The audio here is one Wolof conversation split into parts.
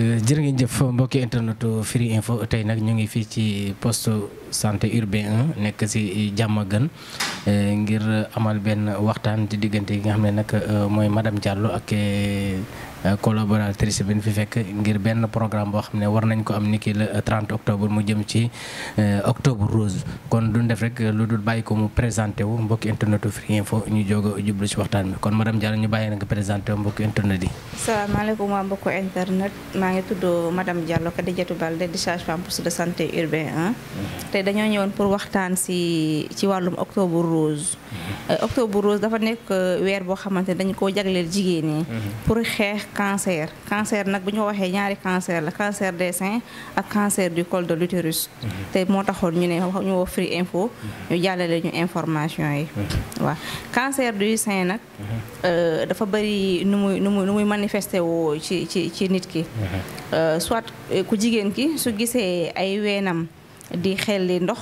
Eh, jërë ngeen jëf mbokki internet Firi Info tey nag ñu ngi fii ci poste santé urbain 1 nekk si Diamaguène eh, ngir amal benn waxtaan ci diggante yi nga xam ne nag eh, mooy madame Diallo ak Euh, collaboratrice bin fi fekk ngir benn programme boo xam ne war nañ ko am niki le 30 euh, octobre mu jëm ci euh, octobre rose kon duñ def rek lu dul bàyyi ko mu présenté wu mbokki internet u Info ñu jóg jublu ci waxtaan bi kon madame Diallo ñu bàyyi na nga présenté wu mbokki internet yi. salaamaaleykum waa mbokki internet maa ngi tudd madame Diallo Kadijatou Balde di charge femme poste de santé urbain 1. Mhm. tey dañoo ñëwoon pour waxtaan si ci wàllum octobre rose. Mhm. octobre rose dafa nekk weer boo xamante dañ dañu koo jagleel jigéen ñi. Mhm. pour xeex. cancer cancer cancer cancer des seins ak cancer du col de l'utérus mhm. té mo taxoon ñu ñu free ñu ñu information yi mhm. Wa, cancer du sein mhm. euh dafa bari nu muy nu ci ci nit ki euh, soit euh, ku jigen ki su sont ay wénam di sont ndox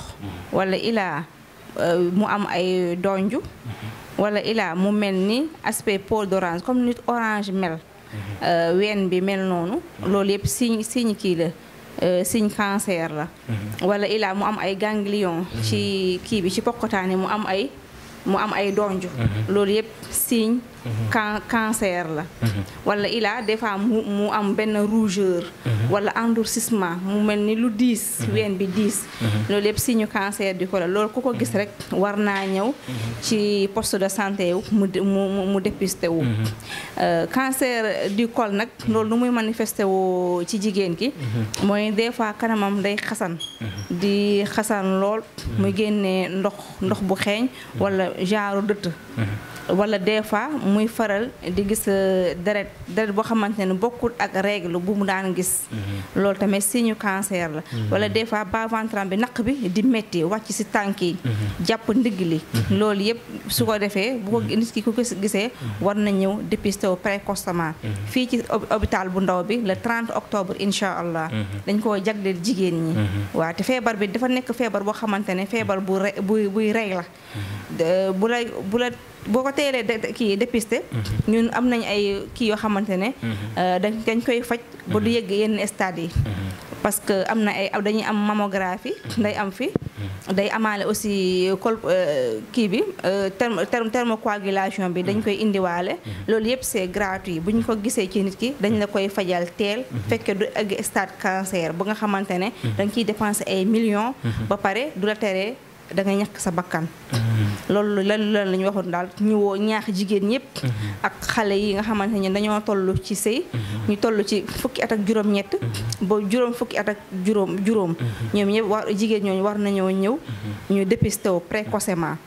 wala qui euh, mu am ay donju wala ila mu qui aspect peau d'orange comme nit orange mel Euh, ween bi mel noonu mhm. loolu yëpp signe signe kii la euh, signe cancer la mhm. wala ilaa mu am ay ganglion mhm. ci kii bi ci pokkotaane mu am ay mu am ay donju loolu yëpp signe Mhm. can cancer la mhm. wala ilaa des fois mu mu am benn rougeur mhm. wala endurcissement mu mel ni lu diis ween bi diis loolu yëpp signe cancer du col la loolu ku ko gis rek war naa ñëw ci poste de santé wu mu mu mu dépisté wu euh, cancer di col nag loolu lu muy manifesté woo ci jigéen ki mooy des fois kanamam day xasan di xasan lool muy génnee ndox ndox bu xeeñ wala genre dëtt wala des fois muy faral di gis euh, deret deret boo xamante ne bokkul ak reeglu bu mu daan gis. Mhm. loolu tamit signe cancer la. Mhm. wala des fois bas ventre bi naq bi di metti wàcc ci tànk yi. Mhm. jàpp ndigg li. loolu yëpp su ko defee bu ko nit ki ko gisee war na ñëw dépister précocement. fii ci hôpital bu ndaw bi le 30 octobre incha allah. dañ koo jagleel jigéen ñi. waaw te feebar bi dafa nekk feebar boo xamante ne feebar bu buy buy rey la. bu la bu la. boo ko teelee kii dépisté mhm. ñun am nañ ay kii yoo xamante ne mhm. euh, dañ dañ koy faj ba du mhm. yegg yenn stades yi parce que am na ay dañuy am mammographie day am fi day amaale aussi col euh, kii bi euh, terme thermocoagulation bi dañ koy indiwaale loolu yëpp c'est gratuit bu ñu ko gisee ci nit ki dañ la koy fajal teel fekke du egg stade cancer ba nga xamante ne dañ ciy dépenser ay millions ba pare du la tere da ngay ñàkk sa bakkan mm-hmm. loolu lan lan la ñu waxoon daal ñu woo ñaax jigéen ñëpp mm-hmm. ak xale yi nga xamante ne dañoo tollu ci sëy mm-hmm. ñu toll ci fukki at ak juróom-ñett ba juróom fukki at ak juróom juróom ñoom ñëpp war jigéen ñooñu war nañoo ñëw ñu dépisté wu précocement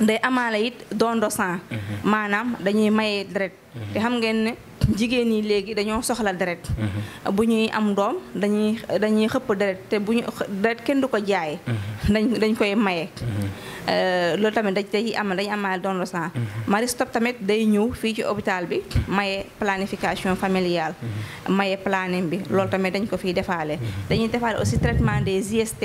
nday amaale it don de sang mhm. maanaam dañuy maye deret mhm. te xam ngeen ne jigéen ñi léegi dañoo soxla deret mhm. bu ñuy am doom dañuy dañuy xëpp deret te bu ñu deret kenn du ko jaay dañ dañ koy maye euh, loolu tamit dañ day am dañ amaale don de sang Marie Stopes tamit day ñëw fii ci hôpital bi maye planification familiale maye planning bi loolu tamit dañ ko fiy defaale dañuy defaale aussi traitement des IST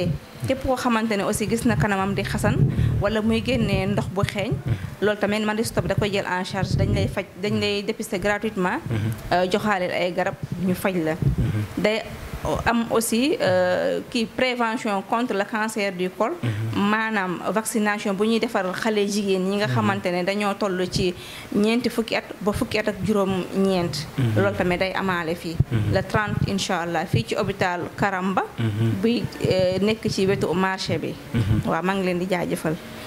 tépp koo xamante ne aussi gis na kanamam di xasan wala muy génnee ndox bu xeeñ mm-hmm. loolu tamit Marie Stopes da koy jël en charge dañ lay faj dañ lay dépister gratuitement mm-hmm. euh, joxaale ay garab ñu faj la mm-hmm. day am aussi euh, kii prévention contre le cancer du col mhm. maanaam vaccination bu ñuy defar xale jigéen ñi nga mhm. xamante ne dañoo toll ci ñeenti fukki at ba fukki at ak juróom ñeent mhm. loolu tamit day amaale fii le trente incha allah fii ci hôpital ba bi euh, nekk ci wetu marché bi waaw maa ngi leen di jaajëfal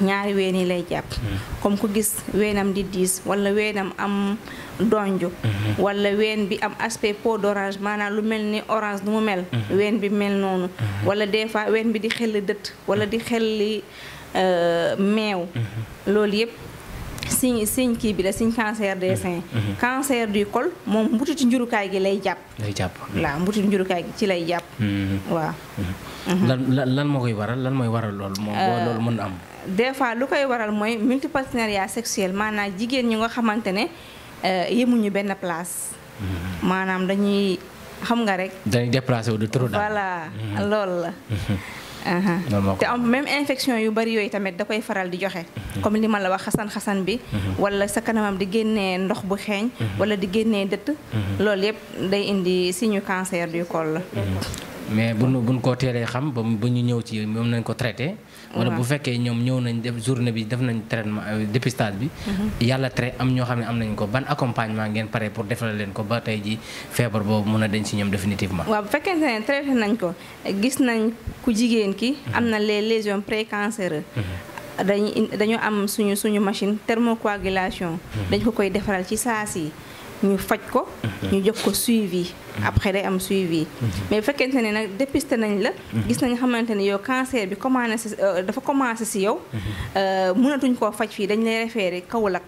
ñaari ween yi lay jàpp mm-hmm. comme ku gis weenam di diis wala weenam am donju mm-hmm. wala ween bi am aspect peau d'orange maanaam lu mel ni orange nu mu mel mm-hmm. ween bi mel noonu wala des fois ween bi di xel dëtt wala di xelli euh, meew loolu yépp signe signe kii bi la signe cancer des mhm. seins mhm. cancer du col moom mbutitu njurukaay gi lay jàpp lay jàpp mhm. njurukaay gi ci lay jàpp waaw lan lan moo koy waral lan mooy waral loolu moom euh, loolu mën am des fois lu koy waral mooy multipartenariat sexuel maanaam jigéen ñu nga xamante ne euh, yemuñu benn place maanaam dañuy xam nga rek dañuy déplacé wu de trop voilà loolu la te am même infection yu bari yooyu tamit da koy faral di joxe. Mhm. comme li ma la wax xasan xasan bi. Mhm. wala sa kanamam di génnee ndox bu xeeñ. Mhm. wala di génnee dëtt. loolu yépp day indi signe cancer du col la. mais buñ buñ ko teelee xam ba bu ñu ñëw ci moom nañ ko traité. wala bu fekkee ñoom ñëw nañ def journée bi def nañ traitement euh, dépistage bi. Mhm. yàlla trait am ñoo xam ne am nañ ko ban accompagnement ngeen pare pour defal leen ko ba tey ji feebar boobu mën a dañ si ñoom définitivement. waaw bu fekkee ne traité nañ ko gis nañ ku jigéen ki. Mhm. am na les lésions précancéreuses. Mhm. dañu dañu am suñu suñu machine thermocoagulation. dañ ko koy defaral ci saa si ñu faj ko. ñu jox ko suivi. après day am suivi. Mhm. mais fekkente ne nag dépisté nañ la. Mhm. gis nañ xamante ne yow cancer bi commencé euh, dafa commencé si yow. Mhm. Euh, mënatuñ koo faj fii dañ lay référé Kaolack.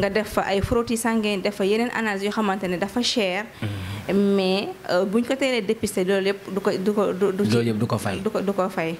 nga def fa ay frottis sanguin def fa yeneen analyse yoo xamante ne dafa cher. mais euh, buñ ko teelee dépisté loolu yëpp du ko du ko du. loolu yëpp du ko fay du ko du ko fay.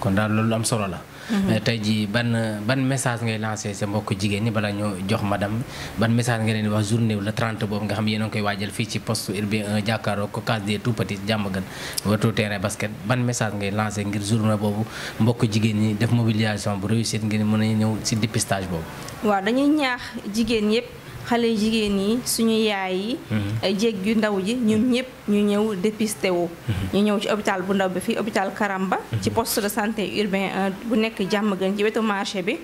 kon daal loolu am solo la. Mm-hmm. Eh, tey jii ban ban message ngay lancé sa mbokk jigéen ñi bala ñoo jox madame ban message nga leen di wax journée la 30 boobu nga xam yéen a ngi koy waajal fii ci poste urbain 1 jàkkaaroo ko case des tout petits jàmbagan watu terrain basket ban message ngay lancé ngir journée boobu mbokk jigéen ñi def mobilisation bu réussite ngeen mën a ñëw si dépistage boobu waaw dañuy ñaax jigéen yépp xale jigéen yi suñu yaay yi mhm. jéeg yu ndaw ji ñun mhm. ñëpp ñu ñëw dépisté wu mhm. ñu ñëw ci hôpital bu ndaw bi fii hôpital ba ci post de santé urbain euh, bu nekk jàmm gën ci wetu marché bi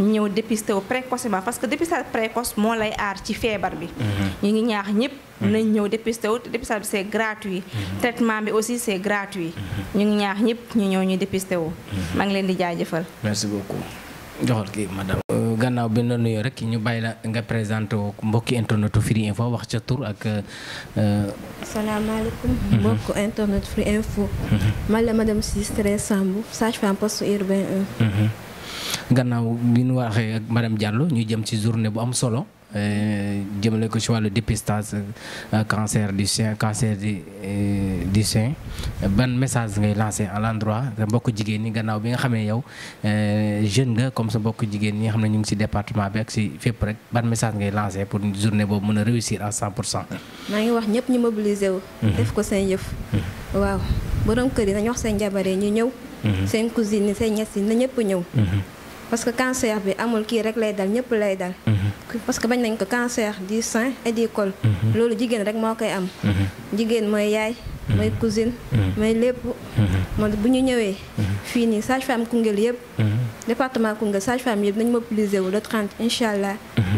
ñu ñëw dépisté wu précocement parce que dépistage précoce moo lay aar ci feebar bi ñu ngi ñaax ñëpp nañ ñëw dépisté wu dépistage bi c'est gratuit traitement bi aussi c'est gratuit ñu ngi ñaax ñëpp ñu ñëw ñu dépisté wu maa ngi leen di jaajëfal merci beaucoup joxal kii madame. Euh, gannaaw bi la nuyoo rek ñu bàyyi la nga présenté woo mbokki internetu Firi Info wax ca tur ak. Euh, asalaamaaleykum. Mhm. mbokki internet Firi Info. Mhm. man la madame Sistre Sambou sage-femme poste urbain 1. Mhm. gannaaw bi ñu waxee ak madame Diallo ñu jëm ci journée bu am solo. Euh, jëmale ko ci wàllu dépistage euh, cancer du sein cancer du euh, du sein ban message ngay lancé à l'endroit sa mbokk jigéen ñi gannaaw bi nga xamee ne yow jeune nga comme sa mbokk jigéen ñi nga xam ne ñu ngi ci département bi ak ci fépp rek ban message ngay lancé pour journée boobu mën a réussir à 100 pour cent. maa ngi wax ñëpp ñu mobiliser wu. Mhm. ko seen yëf. Mhm. waaw borom kër yi nañu wax seen jabar yi ñu ñëw. Mhm. seen cousine yi seen ñes yi na ñëpp ñëw. parce que cancer bi amul kii rek lay dal ñëpp lay dal. parce que bañ nañ ko cancer du sein et du mhm. loolu jigéen rek moo koy am. Mhm. jigéen mooy yaay. Mhm. mooy cousine. mooy lépp. moo bu ñu ñëwee. fii nii sage-femme Koungheul yëpp. département Koungheul sage-femme yëpp nañ mobiliser wu le 30 incha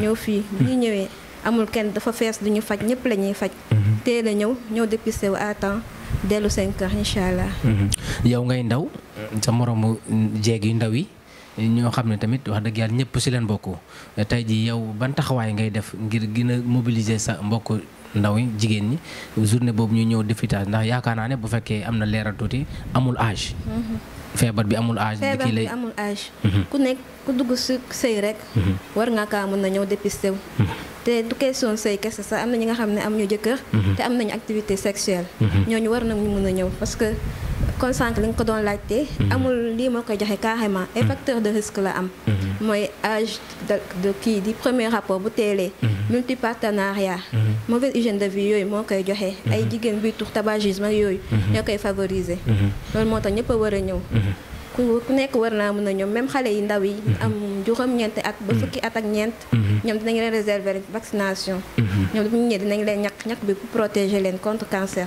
ñëw fii bu ñu ñëwee amul kenn dafa fees du ñu faj ñëpp la ñuy faj. teel a ñëw ñëw dépisté wu à temps dellu cinq kër incha allah. yow ngay ndaw sa moromu jeeg yu ndaw yi. ñoo xam ne tamit wax dëgg yàlla ñëpp si leen bokk tey ji yow ban taxawaay ngay def ngir gën a sa mbokk ndaw yi jigéen ñi journée boobu ñu ñëw défitage ndax yaakaar naa ne bu fekkee am na leeral tuuti amul âge. Mhm. feebar bi amul âge. feebar amul âge. Mhm. ku nekk ku dugg si sëy rek. Mhm. war nga kaa mën na ñëw dépisté wu. te du question sëy kese sax am na ñi nga xam ne amuñu jëkkër. te am nañu activité sexuelle. ñooñu war nañu mën a ñëw kon sànq li la mhm. amul carrément. un mhm. facteur de risque la am. Mhm. mooy âge de kii di premier rapport bu teelee. multipartenariat. mauvaise hygiène de vie yooyu moo koy ay jigéen tabagisme yooyu. ñoo favoriser. loolu moo tax ñëpp ku même xale yi ndaw yi am juróom at ba fukki at ak ñeent ñoom dinañ réserver vaccination ñoom bu ñu dinañ leen bi pour protéger leen contre cancer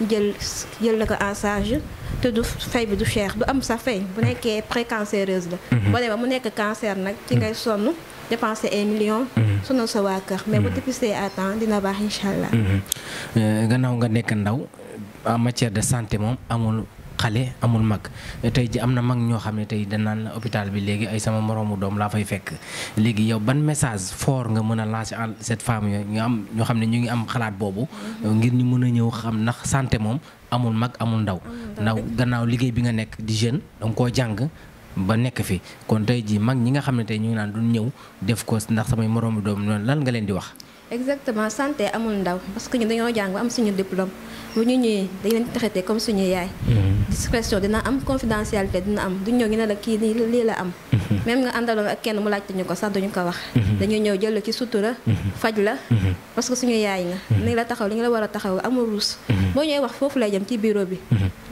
jël jël la te du fay bi du cher du am sa fay bu pré cancéreuse la bo né ba mu nekk cancer nak ci ngay sonu mhm. dépenser 1 million mhm. sonu sa wa kër mais bu mhm. dépisté à temps dina baax inshallah allah euh, gannaaw nga nekk ndaw en matière de santé mom amul xale amul mag tey ji am na mag ñoo xam ne tey danaan la hôpital bi léegi ay sama moroomu doom laa fay fekk léegi yow ban message fort nga mën a lancer en cette femme yooyu nga am ñoo xam ne ñu ngi am xalaat boobu ngir ñu mën a ñëw xam ndax santé moom amul mag amul ndaw ndaw gannaaw liggéey bi nga nekk di jeune danga koo jàng ba nekk fi kon tey jii mag ñi nga xam ne tey ñu ngi naan du ñëw def ko ndax samay moroomu doom noonu lan nga leen di wax exactement santé amul ndaw parce que ñu dañoo jàng ba am suñu diplôme bu ñu ñëwee dañ leen traité comme suñu yaay hmm. discrétion dina am confidentialité dina am du ñëw ñu ne la kii nii lii la am mhm. même nga àndaloon ak kenn mu laajte ñu ko sax duñu ko wax mhm. dañuy ñëw jël la ci sutura mhm. faj la parce que suñu yaay nga nañ la taxaw li nga la war a taxaw amul ruus boo ñëwee wax foofu lay jëm ci bureau bi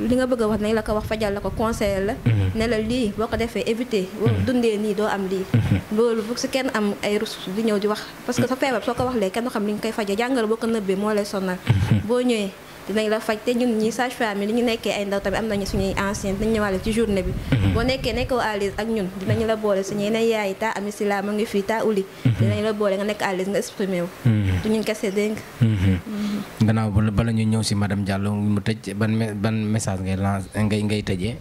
li nga bëgg a wax nañ la ko wax fajal la ko conseiller la ne la lii boo ko defee éviter boo dundee nii doo am lii loolu bu si kenn am ay ruus di ñëw di wax parce que sa feebar soo ko wax lee kenn du xam li nga koy fajee jàngoro boo ko moo lay sonal boo ñëwee dinañ la faj te ñun ñi sage femme li ñu nekkee ay ndaw tamit am nañu suñuy ancienne dinañ ñëwaale ci journée bi mhm. boo nekkee nekkoo à l'aise ak ñun dinañu la boole suñu yeneen yaay ta ami si la ma ngi fii ta uli mhm. dinañ la boole nga nekk à nga exprimer wu mhm. du ñun nga gannaaw bala ñu ñëw si madame tëj ban message ngay lancé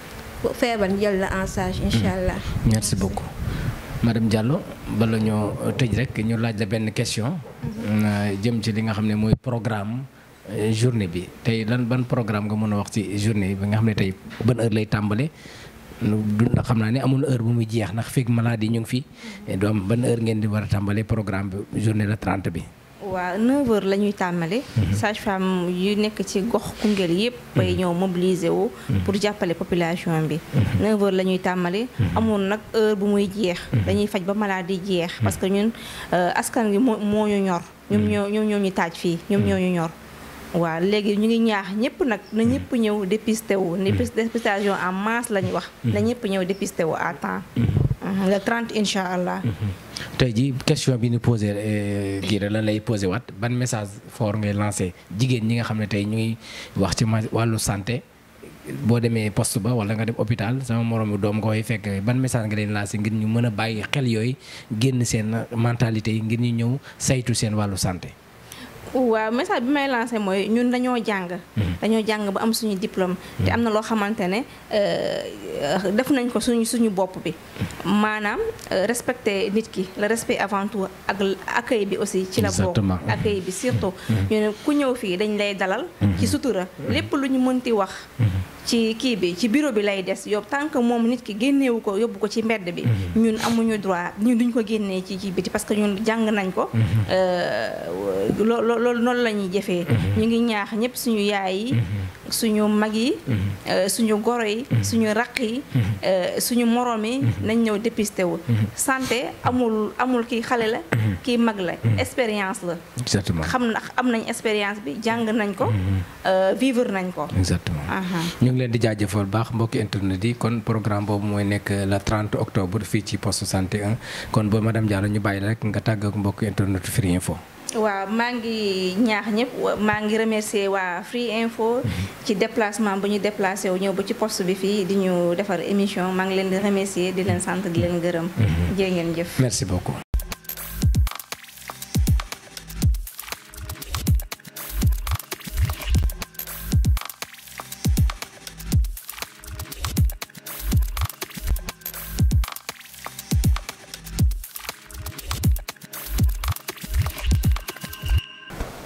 bu feebar jël la en charge mm-hmm. incha allah. merci beaucoup madame Diallo bala ñoo tëj rek ñu laaj la benn question. Mm-hmm. Euh, jëm ci li nga xam ne mooy programme euh, journée bi tey lan ban programme nga mën a wax ci journée bi nga xam ne tey ban heure lay tàmbale. du ndax xam naa ni amul heure bu muy jeex ndax fekk maladie ñu ngi fi du am mm-hmm. ban heure ngeen di war a tàmbalee programme bi journée la trente bi. waa 9h la ñuy tàmmale. Mhm. sage femme yu nekk ci gox Koungheul yëpp. Mhm. bay ñëw mobiliser wu. Mhm. pour jàppale population bi. 9h la ñuy tàmmale. amoon nag heure bu muy jeex. dañuy faj ba maladie jeex. parce que ñun euh, askan wi moo moo ñu ñor. ñoom ñoo ñoom ñoo ñu taaj fii ñoom ñoo ñu ñor. waaw léegi ñu ngi ñaax ñëpp nag na ñëpp ñëw dépisté wu. dépistation en masse la ñu wax. na ñëpp ñëw dépisté wu à temps. le 30 incha allah. tey ji question bi nu posé euh, Guira lan lay posé waat ban message fort ngay lancé jigéen ñi nga xam ne tey ñu ngi wax ci wàllu santé boo demee post ba wala nga dem hôpital sama moromu doom koy fekk ban message nga leen lancé ngir ñu mën a bàyyi xel yooyu génn seen mentalité yi ngir ñu ñëw saytu seen wàllu santé. waaw message bi may lancé mooy ñun dañoo jàng. Mhm. dañoo jàng ba am suñu diplôme. Mhm. te am na loo xamante ne euh, def nañ ko suñu suñu bopp bi. Mhm. maanaam euh, respecter nit ki la respect avant tout ak accueil bi aussi. ci la bokk accueil bi surtout. ñu ne ku ñëw fii dañ lay dalal. ci sutura lépp lu ñu mënti wax. ci kii bi ci bureau bi lay des yow tant que moom nit ki génnewu ko yóbbu ko ci mbedd bi mhm. ñun amuñu droit ñun duñ ko génnee ci ci biti parce que ñun jàng nañ ko mhm. euh, loo loolu noonu la ñuy jëfee mhm. ñu ngi ñaax ñëpp suñu yaay yi suñu mag yi euh, suñu goro yi suñu raq yi euh, suñu morom yi nañ ñëw dépisté wu santé amul amul kii xale la kii mag la mm-hmm. expérience la. exactement xam na am nañ expérience bi jàng nañ ko. Mm-hmm. Euh, vivre nañ ko. exactement uh-huh. ñu ngi leen di jaajëfal baax mbokki internet yi kon programme boobu mooy nekk le 30 octobre fii ci poste 61 kon ma dem Diallo ñu bàyyi rek nga tàgg ak mbokki internet Firi Info. waa maa ngi ñaax ñëpp maa ngi remercier waa Free Info mm-hmm. ci déplacement bu ñu déplacé wu ñëw ba ci post bi fii di ñu defar émission maa ngi leen di remercier di leen sant di leen gërëm. jërë jëf. merci beaucoup.